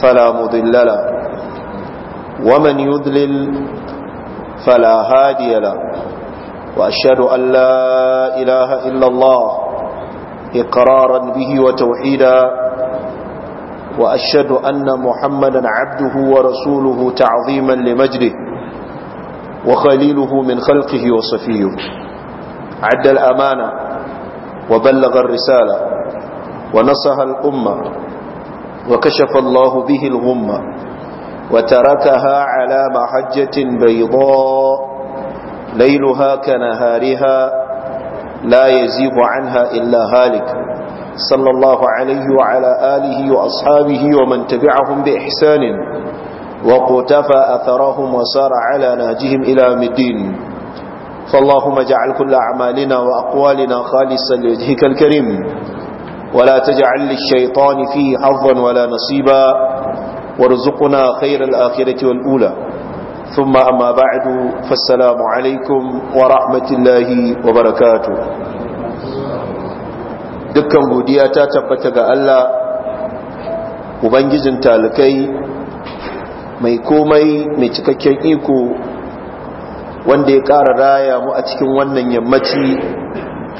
فلا مضل له ومن يضلل فلا هادي له وأشهد أن لا إله إلا الله إقرارا به وتوحيدا وأشهد أن محمدا عبده ورسوله تعظيما لمجده وخليله من خلقه وصفيه عد الأمانة وبلغ الرسالة ونصها الأمة وكشف الله به الغمة وتركها على محجة بيضاء ليلها كنهارها لا يزيغ عنها إلا هالك صلى الله عليه وعلى آله وأصحابه ومن تبعهم بإحسان وقتفى أثرهم وسار على نهجهم إلى مدين فاللهم اجعل كل أعمالنا وأقوالنا خالصا لوجهك الكريم ولا تجعل للشيطان فيه حظا ولا نصيبا وارزقنا خير الآخرة والأولى ثم أما بعد فالسلام عليكم ورحمة الله وبركاته dukkan godiya ta tabbata ga Allah ubangijin talikai mai komai mai cikakken iko wanda ya ƙara raya mu a cikin wannan yammaci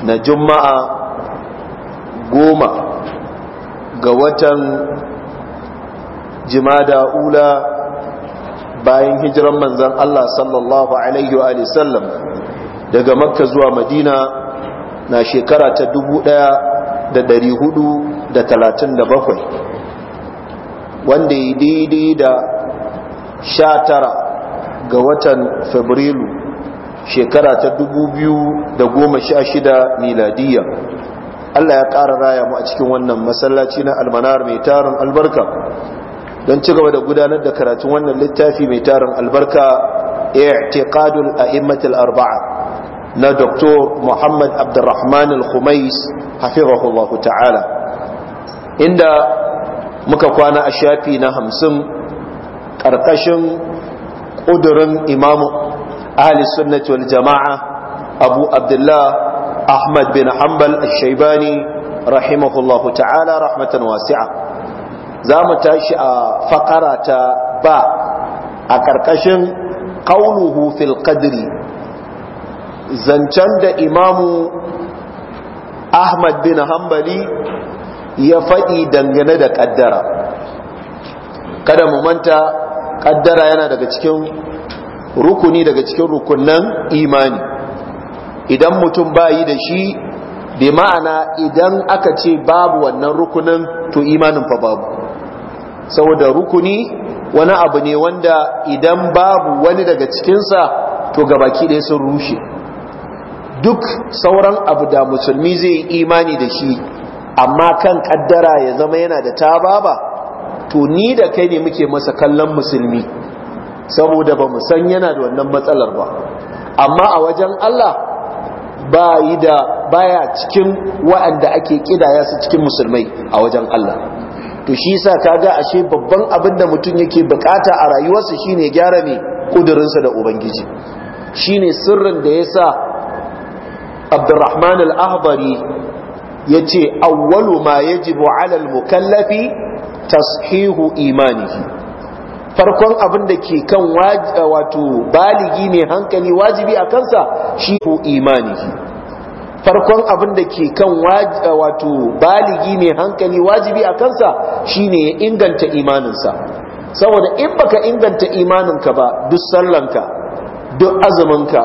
na juma'a goma ga watan jimada ula bayan hijiran manzan Allah sallallahu Alaihi wa sallam daga makka zuwa madina na shekara ta bakwai. wanda ya daidai da sha tara ga watan fabrilu shekara ta dubu biyu da goma sha 2016 miladiyya Allah ya ƙara raya mu a cikin wannan masallaci na almanar mai tarin albarka don ci gaba da gudanar da karatun wannan littafi mai tarin albarka i'tiqadul a'immatul arba'a na Dr. Muhammad Abdulrahman Al-Khumais ta'ala inda muka kwana a shafi na hamsin ƙarƙashin ƙudurin imamu ahli sunnati wal jama'a abu abdullah Ahmad bin Hanbal al-Shaibani rahimahullahu ta'ala rahmatan wasi'a za mu tashi a fakara ta ba a ƙarƙashin ƙaunuhu fil qadri zancen da imamu Ahmad bin Hanbali ya faɗi dangane da ƙaddara kada mu manta ƙaddara yana daga cikin rukuni daga cikin rukunan imani idan mutum bayi da shi bi ma'ana idan aka ce babu wannan rukunin to imanin fa babu saboda rukuni wani abu ne wanda idan babu wani daga cikinsa to gabaki ɗaya sun rushe duk sauran abu da musulmi zai imani da shi amma kan kaddara ya zama yana da baba to ni da kai ne muke masa kallon musulmi saboda ba mu san yana da wannan matsalar ba amma a wajen Allah bayi da baya cikin wa'anda ake kidaya su cikin musulmai a wajen Allah to shi yasa ga ashe babban abin da mutum yake bukata a rayuwarsa shine gyara ne ƙudurinsa da ubangiji shine sirrin da ya sa Abdurrahman al-Ahbari yace awwalu ma yajibu 'ala al-mukallafi tashihu imanihi farkon abin da ke kan eh, wato baligi mai hankali wajibi a kansa shi ko imani farkon abin da ke kan eh, wato baligi mai hankali wajibi a kansa shine ya inganta imaninsa saboda in baka inganta imaninka ba duk sallanka duk azuminka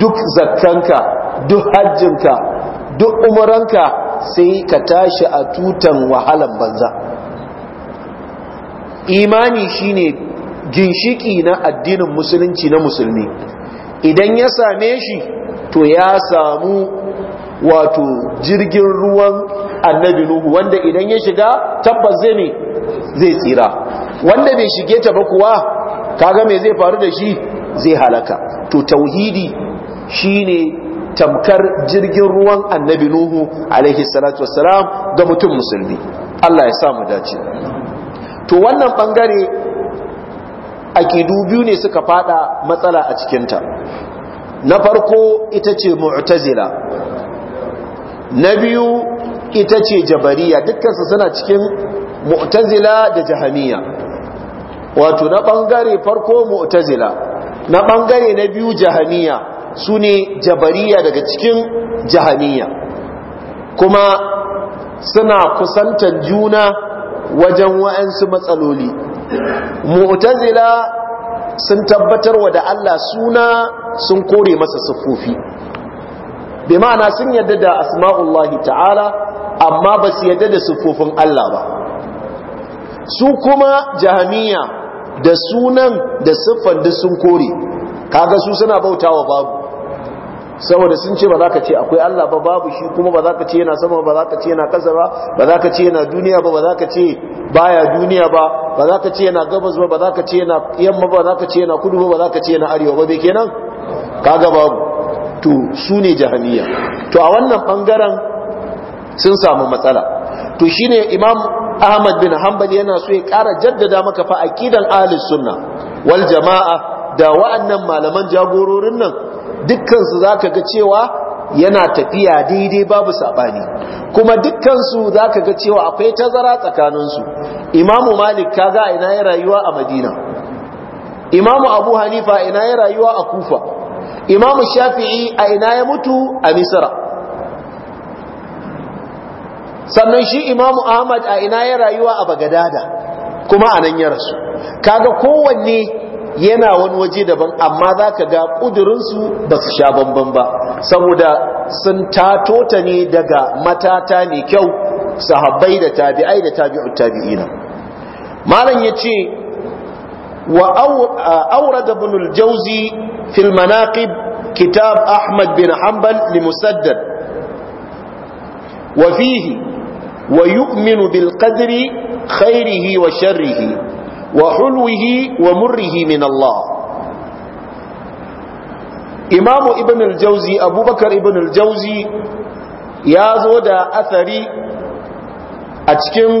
duk zakkanka duk hajjinka duk umuranka, sai ka tashi a tutan wahalan banza imani shine ginshiki na addinin musulunci na musulmi idan ya same shi to ya samu wato jirgin ruwan annabi nuhu wanda idan ya shiga tabbas zai ne zai tsira wanda bai shige ta ba kuwa kaga mai zai faru da shi zai halaka to tauhidi shine tamkar jirgin ruwan annabi nuhu alaihi salatu wassalam ga mutum musulmi Allah ya samu dace to wannan bangare akidu biyu ne suka fada matsala a cikinta na farko ita ce mu'tazila na biyu ita ce jabariya dukkansu suna cikin mu'tazila da jahamiya wato na bangare farko mu'tazila na bangare na biyu jahamiya su ne jabariya daga cikin jahamiya kuma suna kusantar juna wajen wa'ansu matsaloli mu'tazila sun tabbatar wa da Allah suna sun kore masa siffofi bi ma'ana sun yadda da asma'ullahi ta'ala amma ba su yadda da siffofin Allah ba su kuma jahamiya da sunan da siffan duk sun kore kaga su suna bautawa babu saboda sun ce ba za ka ce akwai Allah ba babu shi kuma ba za ka ce yana sama ba za ka ce yana kasa ba ba za ka ce yana duniya ba ba za ka ce baya duniya ba ba za ka ce yana gabas ba ba za ka ce yana yamma ba za ka ce yana kudu ba ba za ka ce yana arewa ba bai kenan kaga babu to su ne jahaniya to a wannan bangaren sun samu matsala to shine imam ahmad bin hanbal yana so ya kara jaddada maka fa aqidan ahlus sunna wal jama'a da wa'annan malaman jagororin nan dukkansu za ka ga cewa yana tafiya daidai babu saɓani kuma dukkansu za ka ga cewa akwai tazara tsakaninsu imamu malik kaga a ina ya rayuwa a madina imamu abu hanifa ina ya rayuwa a kufa imamu shafi'i a ina ya mutu a misra sannan shi imamu ahmad a ina ya rayuwa a bagadada kuma a nan ya rasu kaga kowanne yana wani waje daban amma za ka ga ƙudurinsu ba su sha bambam ba saboda sun tato ta ne daga matata mai kyau sahabbai da tabi'ai da tabi'u tabi'ina malam ya ce wa aurada da al-jawzi fil manaqib kitab ahmad bin hanbal li musaddad wa fihi wa yu'minu bil qadri khairihi wa sharrihi wa hulwihi wa murrihi min Allah imamu ibn abubakar ibn ya zo da asari a cikin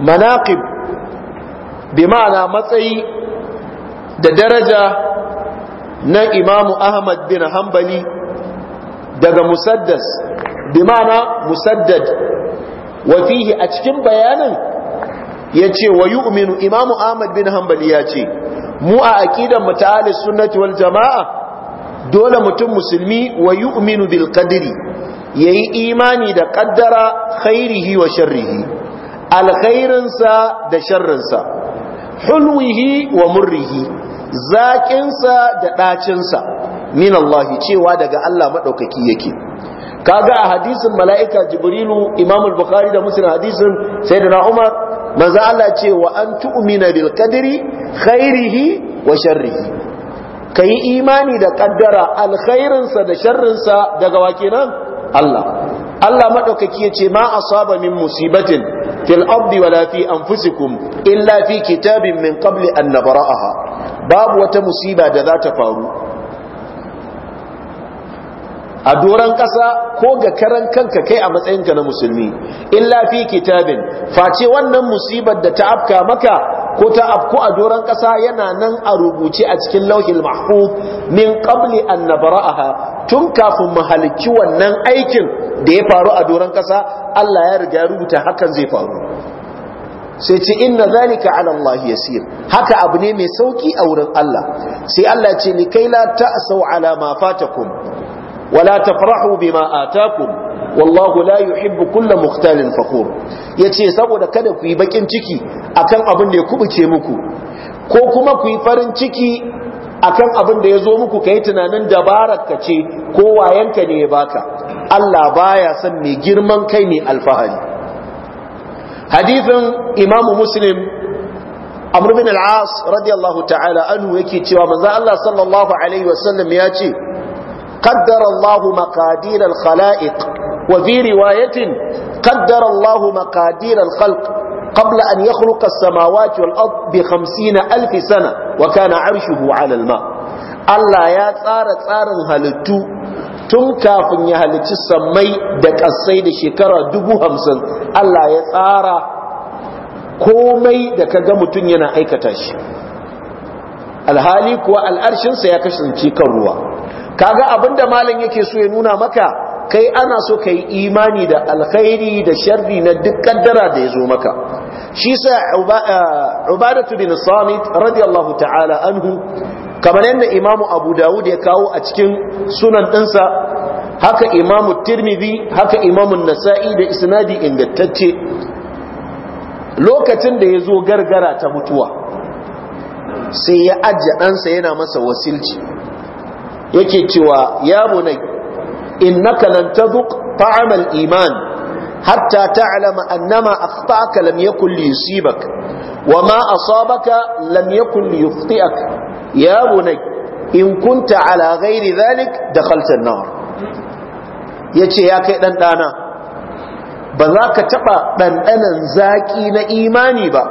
manaqib bi matsayi da daraja na imamu ahmad bin Hambali daga musaddas bi ma'ana musaddad wa a cikin bayanin ya ce wa yi uminu imamu ahmad bin hanbali ya ce mu a akidan mu sunnati wal jama'a dole mutum musulmi wa yi uminu bil kadiri ya yi imani da ƙaddara khairihi wa sharrihi alkhairinsa da sharrinsa hulwihi wa murrihi zaƙinsa da ɗacinsa min Allah cewa daga Allah maɗaukaki yake kaga a hadisin mala'ika jibrilu imam al-bukhari da muslim hadisin sayyidina umar manzo Allah ce wa an tu'mina bil qadri khairihi wa sharrihi kai imani da kaddara alkhairinsa da sharrinsa daga wake nan. Allah Allah madaukaki yace ma asaba min musibatin fil ardi wala fi anfusikum illa fi kitabin min qabli an nabra'aha babu wata musiba da za ta faru a doran ƙasa ko ga karan kanka kai a matsayinka na musulmi illa fi kitabin face wannan musibar da ta afka maka ko ta afku a doran ƙasa yana nan a rubuce a cikin lauhin mahfuz min qabli an nabra'aha tun kafin mu wannan aikin da ya faru a doran ƙasa Allah ya riga rubuta hakan zai faru sai ce inna zalika ala Allah yasir haka abu ne mai sauki a wurin Allah sai Allah ce ni kai la ta'sau ala ma fatakum wala tafrahu bima atakum wallahu la yuhibbu kulla mukhtalin fakhur yace saboda kada ku yi bakin ciki akan abin da ya kubuce muku ko kuma ku yi farin ciki akan abin da ya zo muku kai tunanin dabarar ce ko ne ya baka Allah baya son mai girman kai ne alfahari hadithin imamu muslim amr bin al-as radiyallahu ta'ala anhu yake cewa manzo Allah sallallahu alaihi wasallam ya ce قدر الله مقادير الخلائق وفي رواية قدر الله مقادير الخلق قبل أن يخلق السماوات والأرض بخمسين ألف سنة وكان عرشه على الماء الله يا tsara tsarin halittu tun kafin ya halicci sammai da ƙasai da shekara dubu hamsin Allah ya tsara komai da kaga mutum yana aikata shi alhali kuwa al'arshinsa ya kasance kan ruwa kaga abinda malam yake so ya nuna maka kai ana so kai imani da alkhairi da sharri na duk kaddara da yazo maka shi sa eh, ubadatu bin samit radiyallahu ta'ala anhu kamar yadda imamu abu dawud ya kawo a cikin sunan dinsa haka imamu tirmidhi haka imamu nasa'i da isnadi ingantacce lokacin da yazo gargara ta mutuwa sai ya ajiye ɗansa yana masa wasilci yake cewa ya bunai innaka lan tadhuq ta'am al-iman hatta ta'lama annama akhta'aka lam yakun li yusibak wa ma asabaka lam yakun li yukhti'ak ya bunai in kunta ala ghairi dhalik dakhalta an-nar yace ya kai dan dana ba za ka taba dandanan zaki na imani ba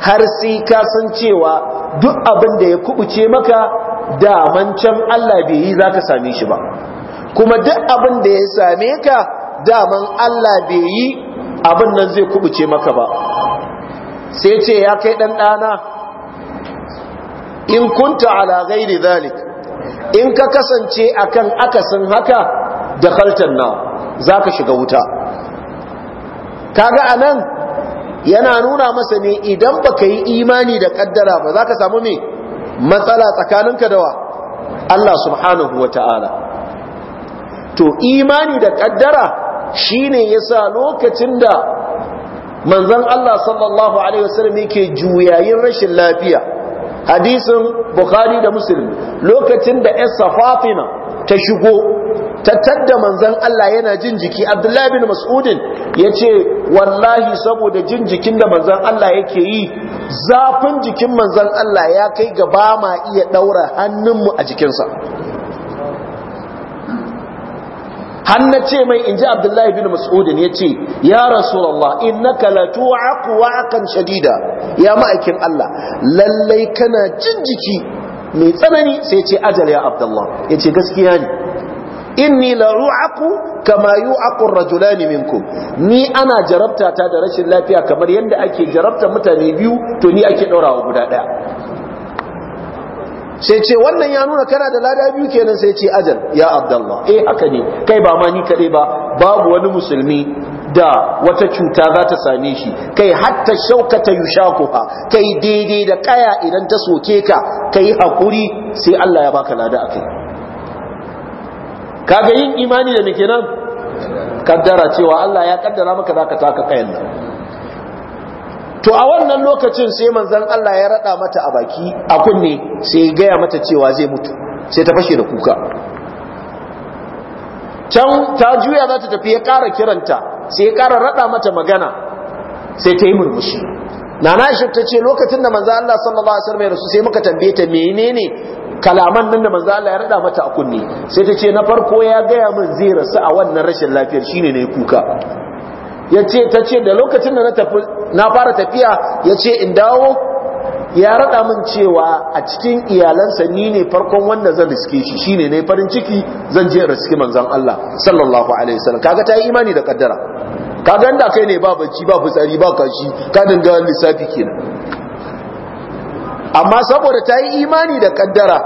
har sai ka san cewa duk abin da ya kubuce maka daman can Allah bai yi za ka same shi ba kuma duk abin da ya same ka daman Allah bai yi abin nan zai kubuce maka ba sai ce ya kai ɗanɗana dana in kunta ala ghairi zalik in ka kasance akan akasin haka da kaltan na za ka shiga wuta kaga ga anan yana nuna masa ne idan baka yi imani da kaddara ba za ka samu me matsala tsakaninka da wa Allah subhanahu wa ta'ala to imani da kaddara shine yasa lokacin da manzon Allah sallallahu alaihi wasallam yake juyayin rashin lafiya hadisin bukhari da muslim lokacin da yarsa fatima ta shigo ta tadda manzon Allah yana jin jiki abdullahi bin mas'udin ya ce wallahi saboda jin jikin da manzan Allah yake yi zafin jikin manzan Allah ya kai gaba ma iya ɗaura hannunmu a jikinsa hannu ce mai inji abdullahi bin mas'udin ya ce ya rasulallah innaka la tu'aqu akan shadida ya ma'aikin Allah lallai kana jin jiki mai tsanani sai ce ajal ya Abdullahi. ya gaskiya ne inni la ru'aqu kama yu'aqu ar-rajulani minkum ni ana jarabta ta da rashin lafiya kamar yadda ake jarabta mutane biyu to ni ake daurawa guda daya sai ce wannan ya nuna kana da lada biyu kenan sai ce ajal ya abdullah eh haka ne kai ba ma ni kadai ba babu wani musulmi da wata cuta za ta same shi kai hatta shaukata ta yushakuha kai daidai da kaya idan ta soke ka kai hakuri sai Allah ya baka lada akai kaga yin imani da muke nan kaddara cewa Allah ya kaddara maka zaka taka kayan nan to a wannan lokacin sai manzon Allah ya rada mata a baki a kunne sai ya gaya mata cewa zai mutu sai ta fashe da kuka can ta juya za ta tafi ya kara kiranta sai ya ƙara rada mata magana sai ta yi murmushi nana shi ta ce lokacin da manzon Allah sallallahu alaihi wasallam ya rasu sai muka tambaye ta menene kalaman nan da manzo Allah ya rada mata a kunne sai ta ce na farko ya gaya min zai rasu a wannan rashin lafiyar shine ne kuka yace ta ce da lokacin da na tafi na fara tafiya yace in dawo ya rada min cewa a cikin iyalansa ni ne farkon wanda zan riske shi shine ne farin ciki zan je riske manzon Allah sallallahu alaihi wasallam kaga ta yi imani da kaddara kaga inda kai ne ba bacci ba fitsari ba kashi ka dinga lissafi kenan amma saboda ta yi imani da kaddara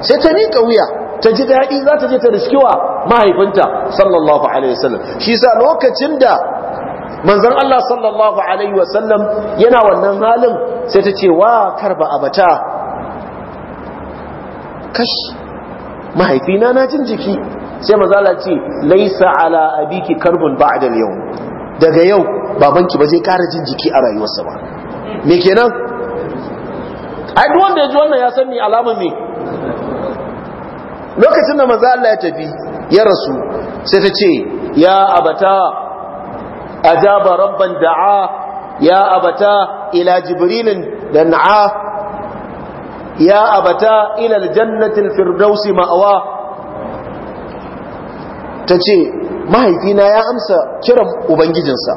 sai ta miƙa wuya ta ji daɗi za ta je ta riskiwa mahaifinta sallallahu alaihi wasallam shi sa lokacin da manzon Allah sallallahu alaihi wasallam yana wannan halin sai ta ce wa karba abata kash mahaifina na jin jiki sai mazala ce laisa ala abiki karbun ba'da yau daga yau babanki ba zai kara jin jiki a rayuwarsa ba me kenan ai duk wanda ya ji wannan ya san ni alama me lokacin da manzo Allah ya tafi ya rasu sai ta ce ya abata ajaba rabban da'a ya abata ila jibrilin dan'a ya abata ila aljannati firdausi ma'awa tace mahaifina ya amsa kiran ubangijinsa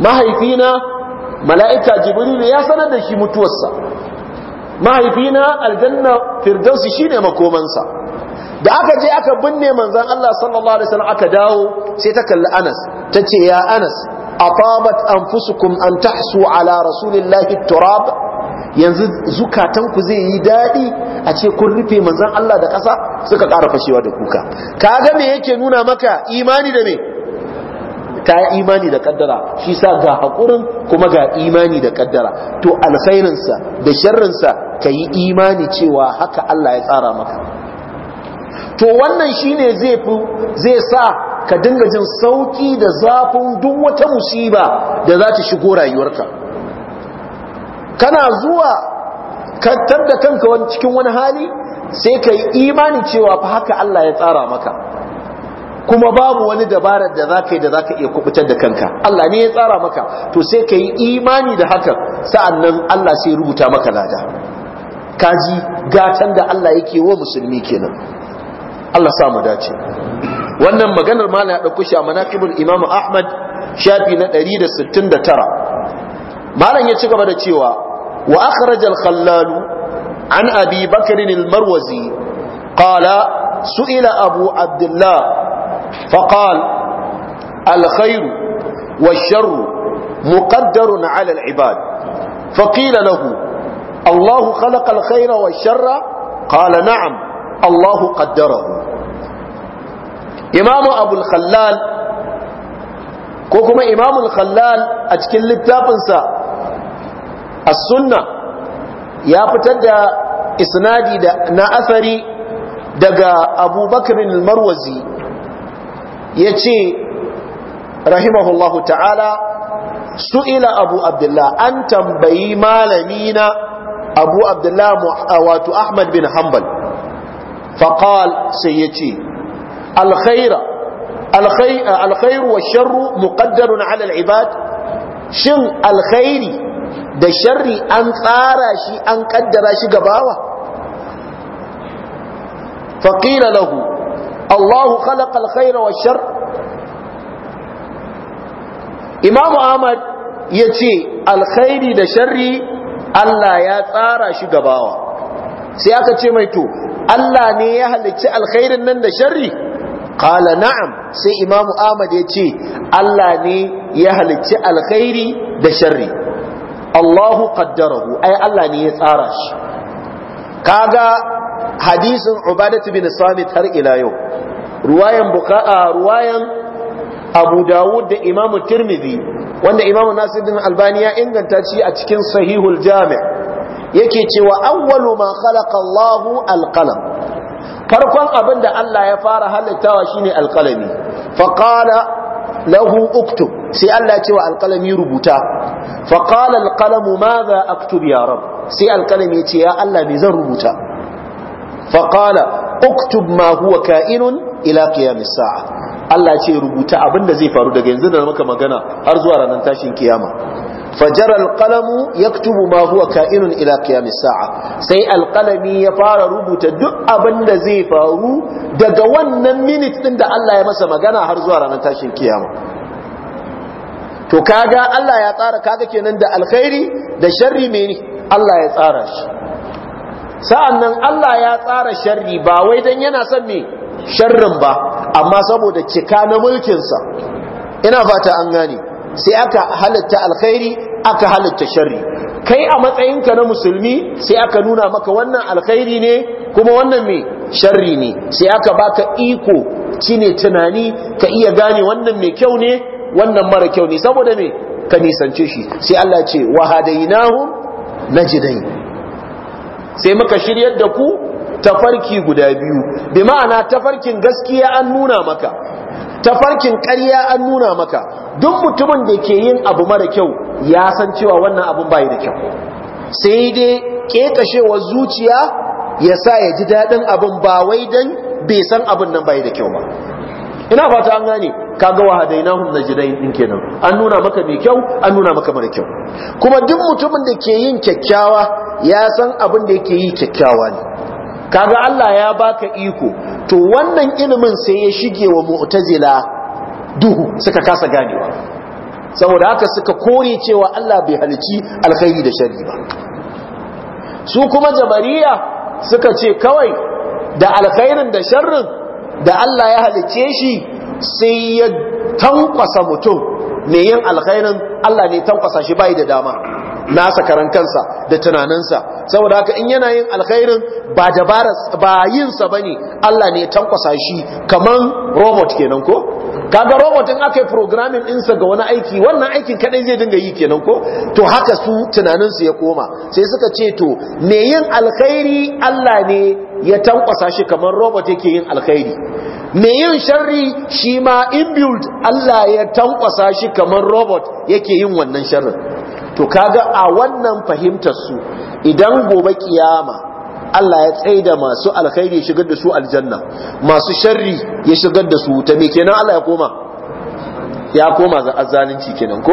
mahaifina mala'ika jibrilu ya sanar da shi mutuwarsa mahaifina aljanna firdausi shine makomansa da aka je aka binne manzon Allah sallallahu alaihi wasallam aka dawo sai ta kalli Anas tace ya Anas atabat anfusukum an tahsu ala rasulillahi turab yanzu zukatanku zai yi dadi a ce kun rufe manzon Allah da ƙasa suka ƙara fashewa da kuka kaga me yake nuna maka imani da me Ta yi imani da kaddara shi sa ga haƙurin kuma ga imani da kaddara to alkhairinsa da sharrinsa ka yi imani cewa haka Allah ya tsara maka to wannan shine zai zai sa ka dinga jin sauki da zafin duk wata musiba da za ta shigo rayuwarka kana zuwa kantar da kanka cikin wani hali sai ka yi imani cewa fa haka Allah ya tsara maka kuma babu wani dabarar da zaka yi da zaka iya kubutar da kanka Allah ne ya tsara maka to sai ka yi imani da hakan sa'annan Allah sai rubuta maka lada kaji gatan da Allah yake wa musulmi kenan Allah sa mu dace wannan maganar malam ya dauko shi a manaqibul Imam Ahmad shafi na 169 malam ya ci gaba da cewa wa akhraj al-khallal an abi bakr al-marwazi qala su'ila abu abdullah فقال الخير والشر مقدر على العباد فقيل له الله خلق الخير والشر قال نعم الله قدره إمام أبو الخلال ko kuma imamul khallal a cikin littafinsa a sunna ya fitar da isnadi da na asari daga abubakar marwazi ya ce rahimahullahu ta'ala su'ila abu abdullah an tambayi malami na abu abdullah wato ahmad bin hanbal faƙal sai ya ce alkhairu wa sharru muƙaddarun ala ibad shin alkhairi da sharri an tsara shi an kaddara shi gabawa faƙira lahu Allahu khalaqa al-khayra wash-shar Imam Ahmad yace alkhairi da sharri Allah ya tsara shi gabawa sai aka ce mai to Allah ne ya halicci alkhairin nan da sharri qala na'am sai Imam Ahmad yace Allah ne ya halicci alkhairi da sharri Allahu qaddarahu ai Allah ne ya tsara shi kaga hadisin ubadatu bin samit har ila yau ruwayan buka'a ruwayan abu dawud da imamu tirmidhi wanda imamu nasiruddin albani ya inganta shi a cikin sahihul jami' yake cewa awwalu ma khalaqa Allahu alqalam farkon abin da Allah ya fara halittawa shine alqalami fa qala lahu uktub sai Allah ya ce wa alqalami rubuta fa qala alqalamu madha aktub ya rab sai alqalami ya ce ya Allah me zan rubuta faƙala uktub ma ka'inun ila qiyamis sa'a Allah ce rubuta abin da zai faru daga yanzu da muka magana har zuwa ranar tashin kiyama fajar alƙalamu yaktubu tubu ma huwa ka'inun ila qiyamis sa'a sai alƙalami ya fara rubuta duk abin da zai faru daga wannan minit din da Allah ya masa magana har zuwa ranar tashin kiyama to kaga Allah ya tsara kaga kenan da alkhairi da sharri mene Allah ya tsara shi sa'an nan Allah ya tsara sharri ba wai don yana son mai sharrin ba amma saboda cika na mulkinsa ina fata an gane sai aka halitta alkhairi aka halitta sharri kai a matsayinka na musulmi sai aka nuna maka wannan alkhairi ne kuma wannan me sharri ne sai aka baka iko cine tunani ka iya gane wannan mai kyau ne wannan mara kyau ne saboda mai ka nisance shi sai Allah ce wa na najdain sai muka shiryar da ku tafarki guda biyu bi ma'ana tafarkin gaskiya an nuna maka tafarkin ƙarya an nuna maka duk mutumin da ke yin abu mara kyau ya san cewa wannan abun bai da kyau sai dai kekashewar zuciya ya sa ya ji daɗin abun ba wai dan bai san abun nan bai da kyau ba ina fata an gane kaga wa hadainahum najdain din kenan an nuna maka mai kyau an nuna maka mara kyau kuma duk mutumin da ke yin kyakkyawa ya san abin da yake yi kyakkyawa ne kaga Allah ya baka iko to wannan ilimin sai ya shige wa mu'tazila duhu suka kasa ganewa saboda haka suka kore cewa Allah bai halici alkhairi da sharri ba su kuma jabariya suka ce kawai da alkhairin da sharrin da Allah ya halice shi sai ya tankwasa mutum mai yin alkhairin Allah ne tankwasa shi bai da dama nasa karan da tunaninsa saboda haka in yana yin alkhairin ba dabaras ba yin sa bane Allah ne ya tankwasa shi kaman robot kenan ko kaga robot in aka yi din ɗinsa ga wani aiki wannan aikin kadai zai dinga yi kenan ko to haka su tunaninsu ya koma sai suka ce to me yin alkhairi Allah ne ya tankwasa shi kaman robot yake yin alkhairi me yin sharri shi ma inbuilt Allah ya tankwasa shi kamar robot yake yin wannan sharrin to kaga a wannan fahimtar su idan gobe kiyama Allah ya da masu alkhairi ya shigar da su aljanna masu sharri ya shigar da su ta me kenan Allah ya koma ya koma ga azzalunci kenan ko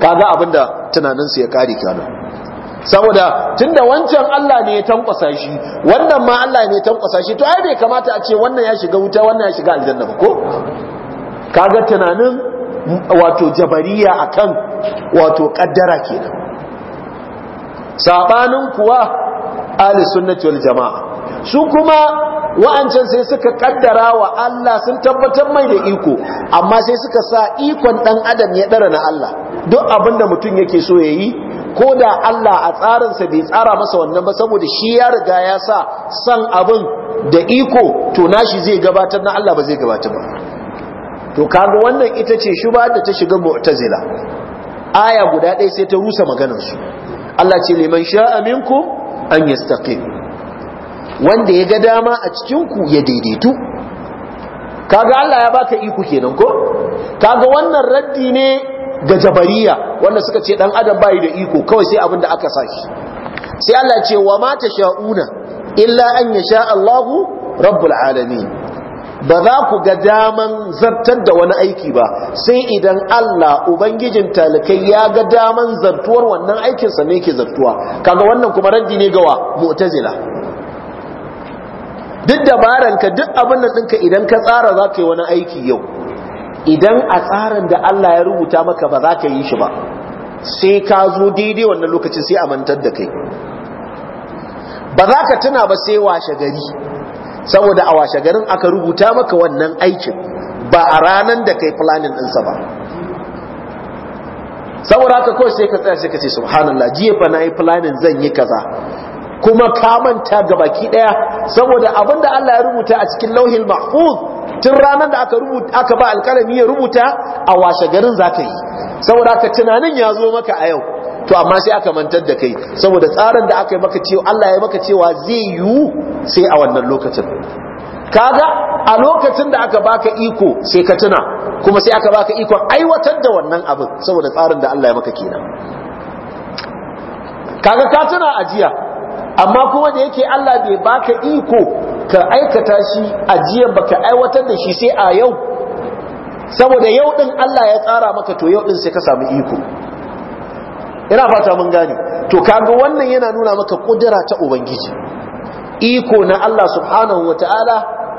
kaga abinda tunanin su ya kare kenan saboda tunda wancan Allah ne ya tankwasa shi wannan ma Allah ne ya tankwasa shi to ai bai kamata a ce wannan ya shiga wuta wannan ya shiga aljanna ba ko kaga tunanin wato jabariya akan wato kaddara kenan sabanin kuwa ahli sunnati wal jamaa su kuma wa'ancan sai suka kaddara wa Allah sun tabbatar mai da iko amma sai suka sa ikon dan adam ya dara na Allah duk abinda mutum yake so ya yi, ko da Allah a tsarinsa bai tsara masa wannan ba saboda shi ya riga ya sa san abin da iko to nashi zai gabatar na Allah ba zai gabatar ba to kaga wannan ita ce shuba da ta shiga mu'tazila aya guda ɗaya sai ta rusa maganar su Allah ce liman sha'a minkum an yastaqim wanda ya ga dama a cikin ku ya daidaitu kaga Allah ya baka iko kenan ko kaga wannan raddi ne ga jabariya wanda suka ce dan adam bai da iko kawai sai abin da aka sashi sai Allah ce wa ma tasha'una illa an yasha Allahu rabbul alamin ba za ku ga daman zartar da wani aiki ba sai idan Allah ubangijin talikai ya ga daman zartuwar wannan aikinsa ne ke zartuwa kaga wannan kuma raddi ne gawa mu'tazila duk dabaranka duk abin da ɗinka idan ka tsara za ka yi wani aiki yau idan a tsarin da Allah ya rubuta maka ba za ka yi shi ba sai ka zo daidai wannan lokacin sai a mantar da kai ba za ka tuna ba sai washe gari saboda a washe garin aka rubuta maka wannan aikin ba a ranan da kai planning ɗinsa ba saboda haka kawai sai ka tsaya sai ka ce subhanallah jiya fa na yi planning zan yi kaza kuma ka manta ga baki daya saboda abin da Allah ya rubuta a cikin lauhin mahfuz tun ranar da aka rubuta aka ba alkalami ya rubuta a washe garin zaka yi saboda haka tunanin ya zo maka a yau to amma sai aka mantar da kai saboda tsarin da aka yi maka cewa Allah ya maka cewa zai yiwu sai a wannan lokacin kaga a lokacin da aka baka iko sai ka tuna kuma sai aka baka iko aiwatar da wannan abin saboda tsarin da Allah ya maka kenan kaga ka tuna ajiya amma kuma da yake Allah bai baka iko ka aikata shi ajiyar baka aiwatar da shi sai a yau saboda yau din Allah ya tsara maka to yau din sai ka samu iko ina fata mun gane to kaga wannan yana nuna maka kudura ta ubangiji iko na Allah subhanahu wataala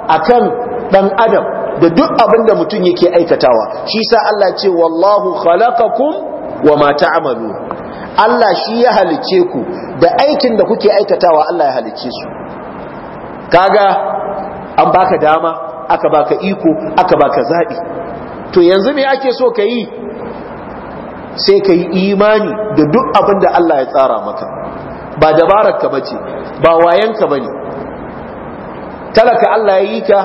akan dan adam da duk abin da mutum yake aikatawa shi sa Allah ce wallahu khalaqakum wama ta'malu Allah shi ya halice ku da aikin da kuke aikatawa Allah ya halice su kaga an baka dama aka baka iko aka baka zabi to yanzu me ake so ka yi sai ka yi imani da duk abin da Allah ya tsara maka ba dabarar ka bace ba wayanka ka bane talaka Allah ya yi ka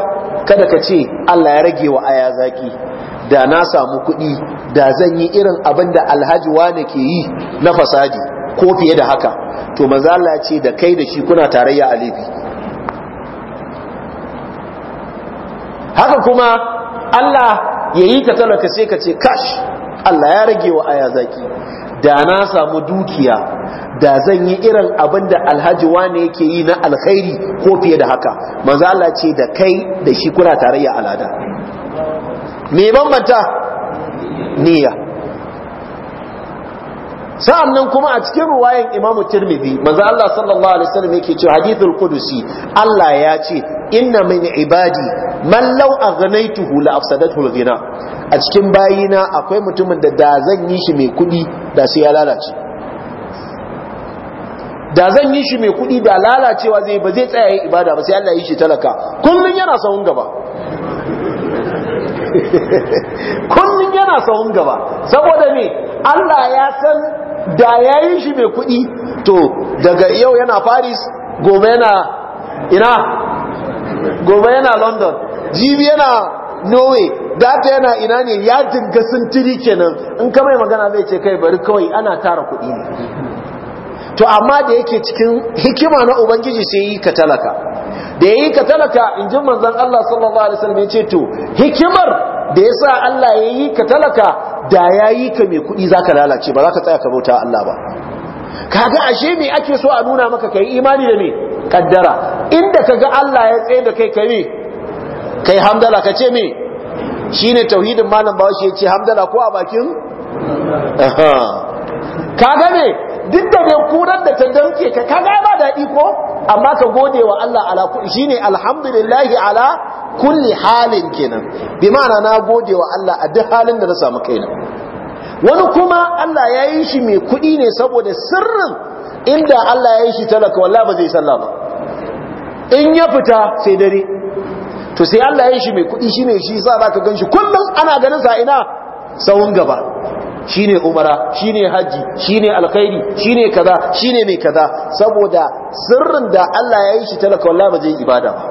kada ka ce Allah ya rage wa aya zaki da na samu kuɗi da zan yi irin abin da alhaji wana ke yi na fasadi ko fiye da haka to maza Allah ce da kai da shi kuna tarayya a laifi haka kuma Allah ya yi ka talaka sai ka ce kash Allah ya rage wa aya zaki da na samu dukiya da zan yi irin abin da alhaji wane yake yi na alkhairi ko fiye da haka manzo Allah ce da kai da shi kuna tarayya alada me bambanta niyya sa'an nan kuma a cikin ruwayan imamu tirmidhi manzo Allah sallallahu alaihi wasallam yake cewa hadithul kudusi Allah ya ce inna min ibadi mallau law aghnaytuhu la afsadatuhu ghina a cikin bayina akwai mutumin da da zan yi shi mai kudi da sai ya lalace da zan yi shi mai kudi da lalacewa zai ba zai tsaya ibada ba sai Allah ya yi shi talaka kullum yana sahun gaba kullum yana sahun gaba saboda me Allah ya san da ya yi shi mai kuɗi to daga yau yana Paris gobe yana ina gobe yana London jibi yana Norway data yana ina ne ya dinga sintiri kenan in ka mai magana zai ce kai bari kawai ana tara kuɗi ne to amma da yake cikin hikima na ubangiji sai yi ka talaka da yayi ka talaka in ji manzon Allah sallallahu alaihi wasallam yace to hikimar da yasa Allah yayi ka talaka da yayi ka mai kuɗi zaka lalace ba zaka tsaya ka bauta Allah ba kaga ashe me ake so a nuna maka kai imani da me kaddara inda kaga Allah ya tsaye da kai kai kai hamdala ka ce me shine tauhidin malam bawashi yace hamdala ko a bakin kaga me duk da ne da ta danke ka kaga ba daɗi ko amma ka gode wa Allah ala shine alhamdulillahi ala kulli halin kenan bi ma'ana na gode wa Allah a duk halin da na samu kaina wani kuma Allah ya yi shi mai kuɗi ne saboda sirrin inda Allah ya yi shi talaka wallahi ba zai sallah ba in ya fita sai dare to sai Allah ya yi shi mai kuɗi shine shi sa zaka ganshi kullum ana ganin sa ina sawun gaba shine umara shine haji shine alkhairi shine kaza shine mai kaza saboda sirrin da Allah ya yi shi talaka wallahi ba zai ibada ba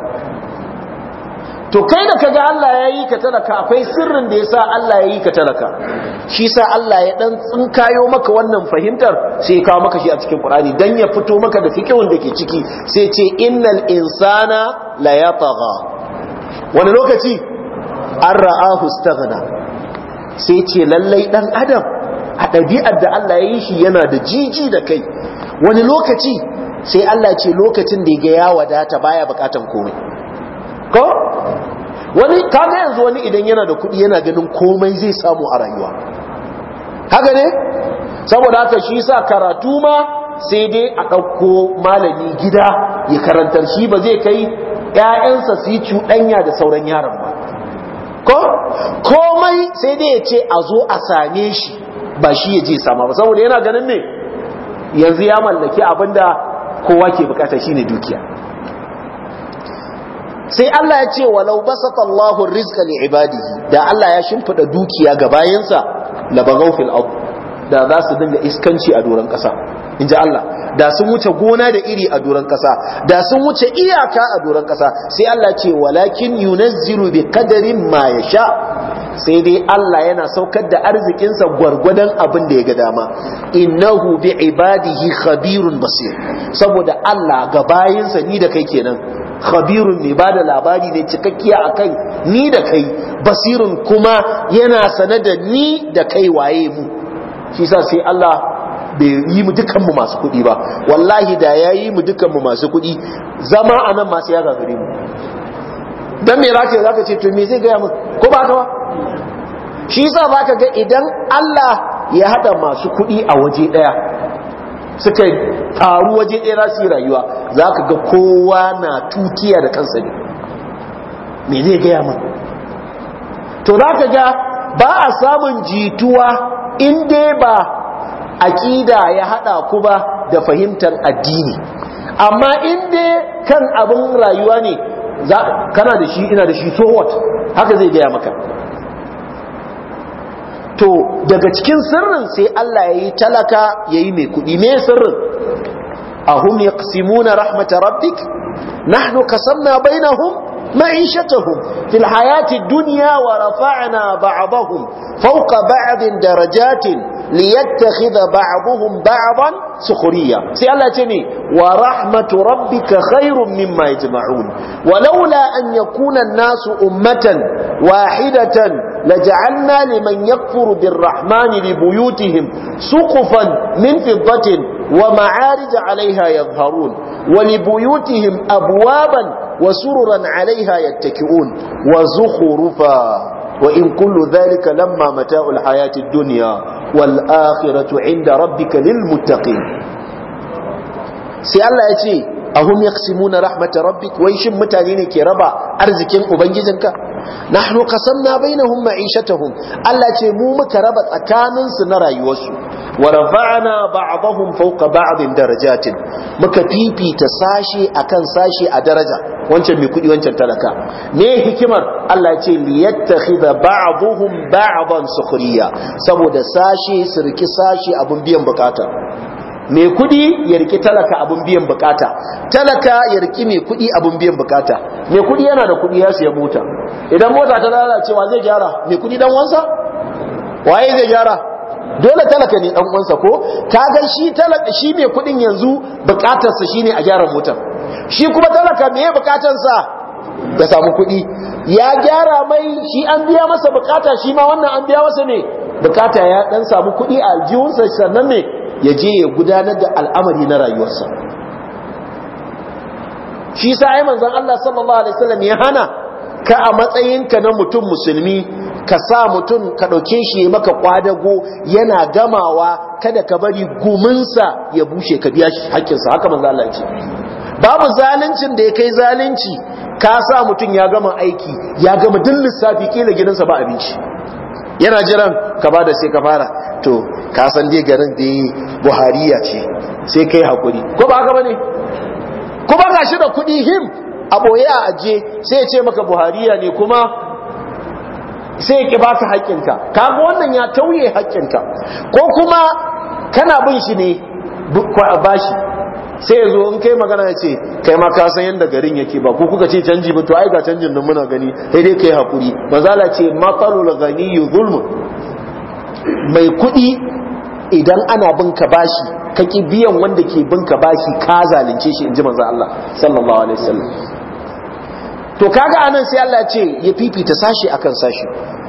to kai da kaga Allah ya yi ka talaka akwai sirrin da yasa Allah ya yi ka talaka shi sa Allah ya dan tsinkayo maka wannan fahimtar sai ya kawo maka shi a cikin Qur'ani dan ya fito maka da fikihun da ke ciki sai ce innal insana la yatagha wani lokaci an ra'ahu staghna sai ce lallai dan adam a ɗabi'ar da Allah ya yi shi yana da jiji da kai wani lokaci sai Allah ce lokacin da ya ya wadata baya bukatan komai ko wani kaga yanzu wani idan yana da kuɗi yana ganin komai zai samu a rayuwa haka ne saboda haka shi sa karatu ma sai dai a ɗauko malami gida ya karantar shi ba zai kai ‘ya'yansa su yi cuɗanya da sauran yaron ba ko komai sai dai ya ce a zo a same shi ba shi ya je sama ba saboda yana ganin ne yanzu ya mallaki abinda kowa ke bukata shine dukiya sai Allah ya ce wa basata Allahu rizqa li ibadihi da Allah ya shimfida dukiya ga bayansa labarau fil ard da za su dinga iskanci a doron kasa inji Allah da sun wuce gona da iri a duran kasa da sun wuce iyaka a duran ƙasa. sai Allah ce walakin yunazziru bi qadarin ma yasha sai dai Allah yana saukar da arzikinsa gwargwadon abin da ya ga dama innahu bi ibadihi khabirun basir saboda Allah ga sa ni da kai kenan khabirun ne ba da labari ne cikakkiya akan ni da kai basirun kuma yana sane da ni da kai waye mu shi sa sai Allah bai yi mu dukkan mu masu kuɗi ba wallahi da yayi mu dukkan mu masu kuɗi zama a nan masu yaga gare mu dan me zaka zaka ce to me zai gaya mu ko ba ka ba shi yasa ka ga idan Allah ya hada masu kuɗi a waje daya suka taru waje ɗaya za su yi rayuwa zaka ga kowa na tukiya da kansa ne me zai gaya mu to zaka ga ba a samun jituwa in dai ba aƙida ya haɗa ku ba da fahimtar addini amma in kan abin rayuwa ne kana da shi ina da shi so what haka zai gaya maka to daga cikin sirrin sai Allah ya yi talaka ya yi mai kuɗi me sirrin ahum yaqsimuna rahmata rabbik nahnu qasamna bainahum معيشتهم في duniya الدنيا ورفعنا بعضهم fauka بعض darajatin liyattakhidha ba'dhum ba'dan sukhriya sai Allah ce ne wa rahmatu rabbika khairum mimma yajma'un walaula an yakuna an-nasu ummatan wahidatan laj'alna liman yakfuru birrahmani libuyutihim suqufan min fiddatin wa ma'arij 'alayha yadhharun wa libuyutihim abwaban وسررا عليها يتكئون وزخرفا وإن كل ذلك لما متاع الحياة الدنيا والآخرة عند ربك للمتقين سي الله يجي ahum yaqsimuna rahmat rabbik wai shin mutane ne ke raba arzikin ubangijinka nahnu qasamna bainahum ma'ishatuhum Allah ce mu muka raba tsakanin su na rayuwarsu wa rafa'na ba'dahum fawqa ba'din darajatin muka fifita sashi akan sashi a daraja wancan mai kudi wancan talaka me hikimar Allah ce da ba'dhum ba'dan sukhriya saboda sashi sirki sashi abun biyan bukata mai kudi ya riki talaka abun biyan bukata talaka ya riki mai kudi abun biyan bukata mai kudi yana da kudi ya siya mota idan mota ta lalace wa zai gyara mai kudi dan wansa waye zai gyara dole talaka ne dan wansa ko kaga shi talaka shi mai kudin yanzu bukatar sa shine a gyara motar shi kuma talaka mai bukatar sa ya samu kudi ya gyara mai shi an biya masa bukata shi ma wannan an biya masa ne bukata ya dan samu kudi a aljihunsa sannan ne ya je ya gudanar da al'amari na rayuwarsa shi sa ai manzon Allah sallallahu alaihi wasallam ya hana ka a matsayinka na mutum musulmi ka sa mutum ka ɗauke shi maka kwadago yana gamawa kada ka bari guminsa ya bushe ka biya shi hakkinsa haka manzon Allah ce babu zaluncin da ya kai zalunci ka sa mutum ya gama aiki ya gama duk lissafi kila gidansa ba abinci yana jiran ka ba da sai ka fara to ka san dai garin da yi buhariya ce sai kai hakuri ko ba ka bane kuma ba shi da kuɗi him a boye a ajiye sai ya ce maka buhariya ne kuma sai ya ki baka haƙƙinka kaga wannan ya tauye haƙƙinka ko kuma kana bin shi ne bashi sai ya zo in kai magana ya ce kai ma ka san yadda garin yake ba ko kuka ce canji ba to ai ga canjin da muna gani sai dai kai hakuri manzala ce ma gani gani zulmun mai kuɗi idan ana bin bashi ka ki biyan wanda ke bin bashi ka zalunce shi inji manzo Allah sallallahu alaihi wasallam to kaga anan sai Allah ya ce ya fifita sashi akan sashi